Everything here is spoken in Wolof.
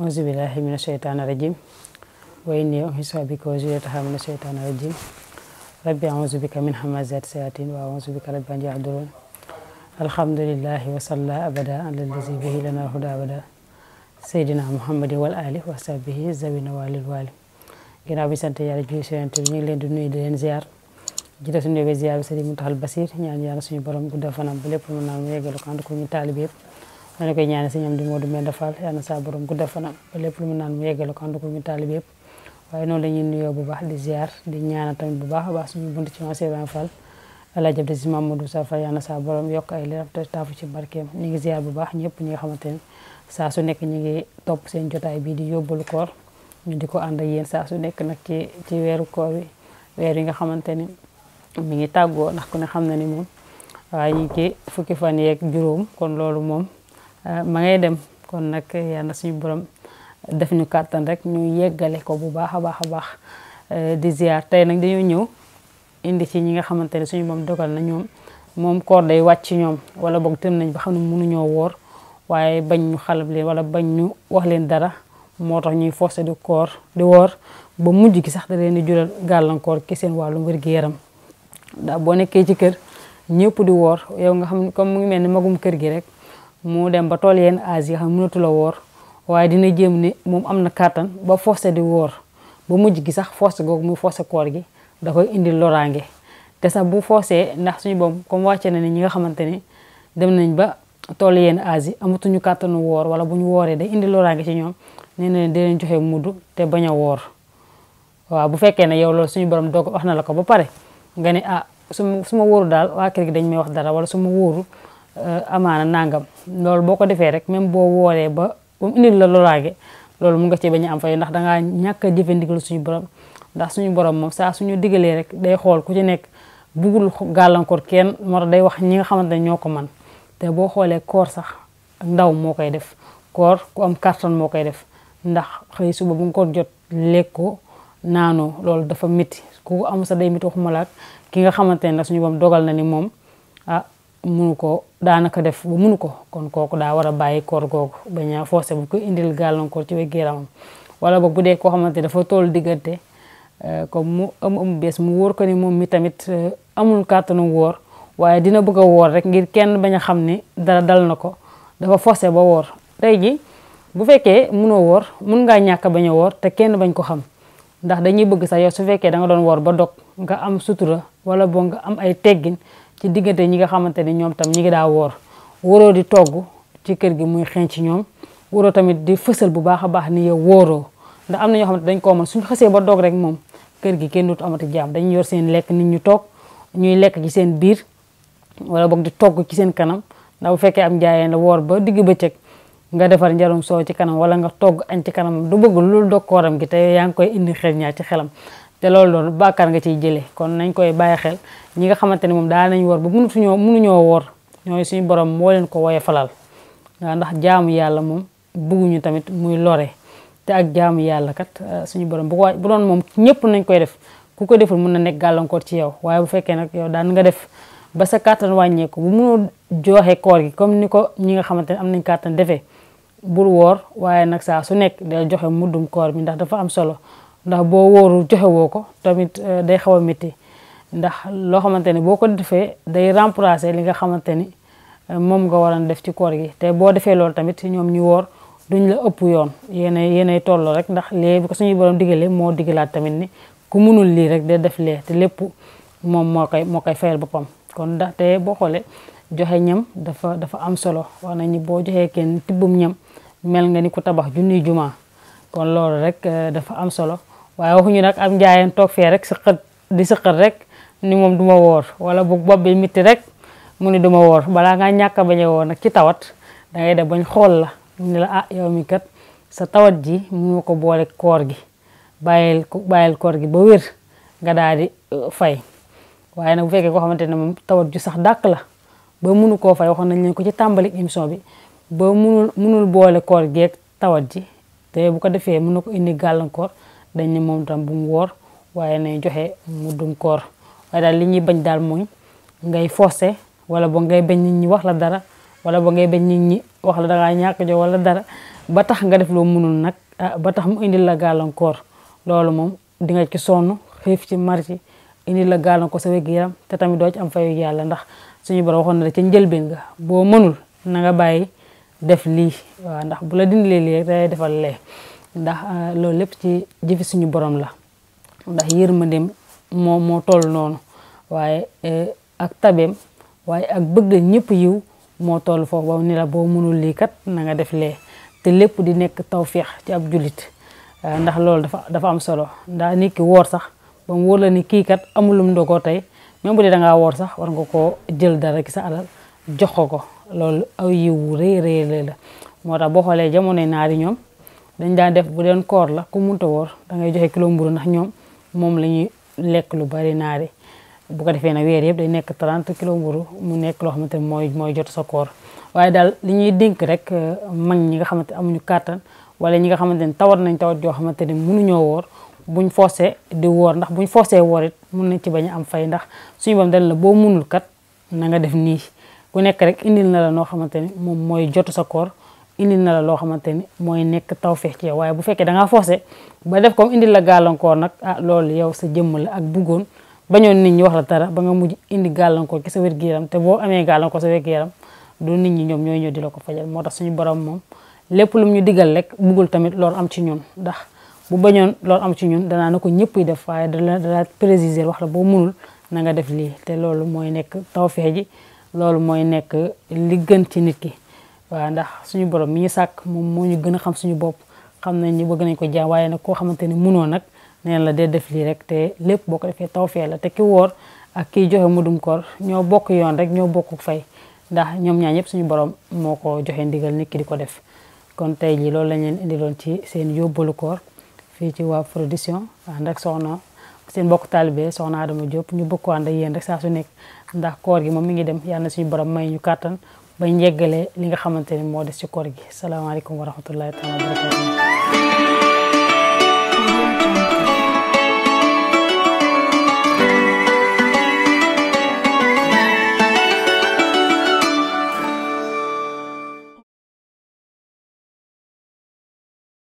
auzu billahi mina sheytaani rajim wa inni u'iizuha bika wa zurriyyataha mina sheytaani rajim rabbi auzu bika min hamazaati sayaatiin wa auzu bika rabbi an yahduruun alhamdulillahi wa salla abada ala allazi lana huda abada seydina muhammadin wal ali wa sahbihi zawina walil wali ginnaaw bi sant yàlla julli ci yonent bi ñu ngi leen di nuyu di leen ziar jida suñu be ziar bi Sëriñ Muntaxa Basiir ñaan yàlla suñu borom gudda fanam ba lépp mën naa mu yeggalu ko ànd ma la koy ñaanal si ñoom di Modou Mbène Fall yal na saa borom gudda fanam lépp lu mu naan mu yeggale ko ànd ko ñu taalibe yëpp waaye noonu la nuyoo bu baax di ziar di ñaanal bu baax baax suñu bunt ci Maam Serigne Fall ala jab de si Mamadou Sa Fall saa borom yokk ay leeram te taafu ci barkeem ñu ngi ziar bu baax ñëpp ñi nga xamante ne saa su nekk ñu ngi topp seen jotaay bii di yóbbul koor ñu di ko ànd ak yéen saa su nekk nag ci ci weeru koor weer yi nga xamante ni mi ngi tàggoo ndax ku ne xam na ni moom waaye ci fukki fan yeeg juróom kon loolu moom Euh, ma ngay dem kon nag yàlla na suñu borom def ñu kàttan rek ñu yeggale ko bu baax a baax a baax euh, di ziar tey nag dañoo ñëw indi ci ñi nga xamante ne suñu moom dogal na ñoom moom koor day wàcc ñoom wala boog tëm nañ ba xam ne mënuñoo woor waaye bañ ñu xalab leen wala bañ ñu wax leen dara moo tax ñuy forcé di koor di woor ba mujj gi sax da leen di jural gàllankoor ki seen wàllu wér-gi-yaram daa boo nekkee ci kër ñëpp di woor yow nga xam comme mu ngi mel ni magum kër gi rek mu dem ba tol yenn âge yi xam mënatu la wor waye dina jëm ni mom am na ba forcé di wor ba mujj gi sax forcé gog mu forcé koor gi da koy indi loraange te sax bu forcé ndax suñu bom comme wacce na ni ñi nga xamanteni ni dem nañ ba tol yenn âge yi ñu kàttanu wor wala bu woré wooree day indi loraange ci ñom neena de leen joxe muddu te baña wor wa bu fekkee ne yow loolu suñu borom dogo waxna la ko ba pare nga ah suma ma dal, ma wa kër gi dañ may wax dara wala suma woru Euh, amaana nangam loolu boo ko defee rek même boo wooree ba ba mu indil la loraange loolu mun nga cee bañ a am fay ndax dangaa ñàkk a jëfe ndigal suñu borom ndax suñu borom moom saa suñu digalee rek day xool ku ci nekk bugul gàllankoor kenn moo day wax ñi nga xamante ne ñoo ko man te boo xoolee koor sax ak ndaw moo koy def koor ku am carton moo koy def ndax xëy bu ko jot lekkoo naanoo loolu dafa métti ku am sa day métti waxuma la ki nga xamante ne nag suñu borom dogal na ni moom ah munu ko ka def bu munu ko kon koku da wara baye kor gog baña forcer bu ko indil ko ci wegeeram wala boog bu dee koo xamante dafa toll diggante eh, comme mu am ëm bes mu wor ko ni mom mi tamit eh, amul kàttanu wor waye dina bëgg wor rek ngir kenn baña xamni dara dal nako ko dafa forcer ba wor tay ji bu fekkee munu wor mun nga ñaka baña wor te kenn bañ ko xam ndax dañuy bëgg sa yow su fekkee da nga doon wor ba dok nga am sutura wala bo nga am ay ci diggante ñi nga xamante ni ñoom tam ñi ngi daa woor waroo di togg ci kër gi muy xeeñ ci ñoom waroo tamit di fësal bu baax a baax ni yow wóoroo ndax am na ñoo xamante dañ koo mën suñu xësee ba doog rek moom kër gi kenn dootu amati jaam dañuy yor seen lekk nit ñu toog ñuy lekk ci seen biir wala boog di togg ci seen kanam ndax bu fekkee am njaayeen la woor ba digg bëccëg nga defar njarum soow ci kanam wala nga togg añ ci kanam du bëgg loolu dog kooram gi te yaa ngi koy indi xel ñaar ci xelam té loolu noonu bakkar nga ci jëlé kon nañ koy baye xel ñi nga mom da nañ wor bu mënu suñu mënu ñoo wor ñoy suñu borom mo leen ko woyé falal nga ndax jaamu mom bëggu ñu tamit muy loré te ak jaamu yalla kat ah, suñu borom bu bu doon mom ñepp nañ koy def ku ko deful mëna nek nekk gàllankoor ci yow waye bu fekkee nak yow daan nga def ba sa wañé ko bu mënu joxé koor gi comme niko ko ñi nga xamanteni am nañ kàttan défé bul wor waye nak sa su nek del joxe mudum koor mi ndax dafa am solo ndax boo wóorul joxewoo ko tamit euh, day xaw a métti ndax loo xamante ni boo ko defee day remplacer li nga xamante ni euh, moom nga waroon def ci koor gi te boo defee loolu tamit ñoom ñu woor duñ la ëpp yoon yéen ay yéen ay tolloo rek ndax lee bi ko suñuy borom digalee moo digalaat tamit ni ku munul lii rek day def lee te lépp moom moo koy moo koy fayal boppam kon ndax te boo xoolee joxe ñam dafa dafa am solo wax nañu boo joxee kenn tibbum ñam mel nga ni ku tabax junniy jumaa kon loolu rek euh, dafa am solo waxu ñu nak am jaayen tok fe rek sëqat di sëqat rek ni mom duma wor wala bu bopp miti rek mu ni duma wor bala nga ñaka baña a nak ci tawat da ngay def bañ xol la mu ni la ah yow mi kat sa tawat ji mu ko boole koor gi ko bayel koor gi ba wër nga daali uh, fay waye nak bu fekke ko xamantene mom tawat ju sax dak la ba munu ko fay waxon nañ leen ko ci tambali émission bi ba munul mënul boole koor ak tawat ji te bu ko defee mun na ko indi gàllankoor dañ ne moom tam bu mu woor waaye nay joxe mu dum koor waaye daal li ñuy bañ daal mooy ngay forcé wala bo ngay bañ nit ñi wax la dara wala bo ngay bañ nit ñi wax la dangaa ñàkk jo wala dara ba tax nga def loo mënul nag ah, ba tax mu indil la gàllankoor loolu moom di nga ci sonn xiif ci mar indil la ko sa wér yaram te tamit doo ci am fayu yàlla ndax suñu borom waxoon na ca njëlbeen nga boo mënul na nga bàyyi def lii waaw ndax bu la dindilee lii rek day defal lee ndax euh, lo lépp ci jëfi suñu borom la ndax yërmandem moo moo toll noonu waaye euh, ak tabeem waaye ak bëgg ñëpp yiw moo toll foofu ba ni la boo mënul lii kat na nga def lee te lépp di nekk tawféex ci ab julit euh, ndax loolu dafa dafa am solo ndax nit ki woor sax ba mu wóor la ni kii kat amulum ko tey même bu dee da ngaa woor sax war nga koo jël dara ki sa alal jox ko ko loolu aw yiw rëy rëy la moo tax boo xoolee jamono naari ñoom dañ daan def bu doon koor la ku munta woor da ngay joxe kilo mburu ndax ñoom moom la ñuy lekk lu bari naari bu ko defee nag weer yëpp day nekk 30 kilo mburu mu nekk loo xamante ne mooy mooy jot sa koor waaye daal li ñuy dénk rek euh, mag ñi nga xamante amuñu kàttan wala ñi nga xamante ne tawat nañ tawat yoo xamante ne mënuñoo woor buñ forcé di woor ndax buñ forcé woor it mun nañ ci bañ a am fay ndax suñu bam la boo munul kat na nga def nii ku nekk rek indil na la noo xamante ne moom mooy jotu sa koor indil na la loo xamante ni mooy nekk tawfeex ci yow waaye bu fekkee da ngaa forcé ba def koom indi la gàllankoor nag ah loolu yow sa jëmm la ak buggoon bañoon nit ñi wax la dara ba nga mujj indi gàllankoor ci sa wér-gu-yaram te boo amee gàllankoor sa wér-gu-yaram du nit ñi ñoom ñooy ñëw di la ko fajal moo tax suñu borom moom lépp lu ñu diggal rek bëggul tamit loolu am ci ñun ndax bu bañoon loolu am ci ñun danaa na ko ñëpp yi def waaye dala dala préciser wax la boo mënul nanga def lii te loolu mooy nekk tawfeex ji loolu mooy nekk li gën ci nit ki waaw ndax suñu borom mi sàkk moom moo ñu gën a xam suñu bopp xam nañ ni bëgg nañ ko jaam waaye nag koo xamante ni munoo nag neen la dee def lii rek te lépp boo ko defee tawfee la te ki woor ak kiy joxe mudum kor ñoo bokk yoon rek ñoo bokk fay ndax ñoom ñaar ñëpp suñu borom moo ko joxe ndigal nit ki di ko def kon tey jii loolu lañ leen indiloon ci seen yóbbalu koor fii ci waa production ànd ak soxna seen bokk talibé soxna Adama Diop ñu bëkk ko ànd ak yéen rek saa su nekk ndax koor gi moom mi ngi dem yàlla na suñu borom may ñu kàttan bañ yeggalee li nga xamante ni moo des ci koor gi salaamaaleykum wa rahmatullahi taala wa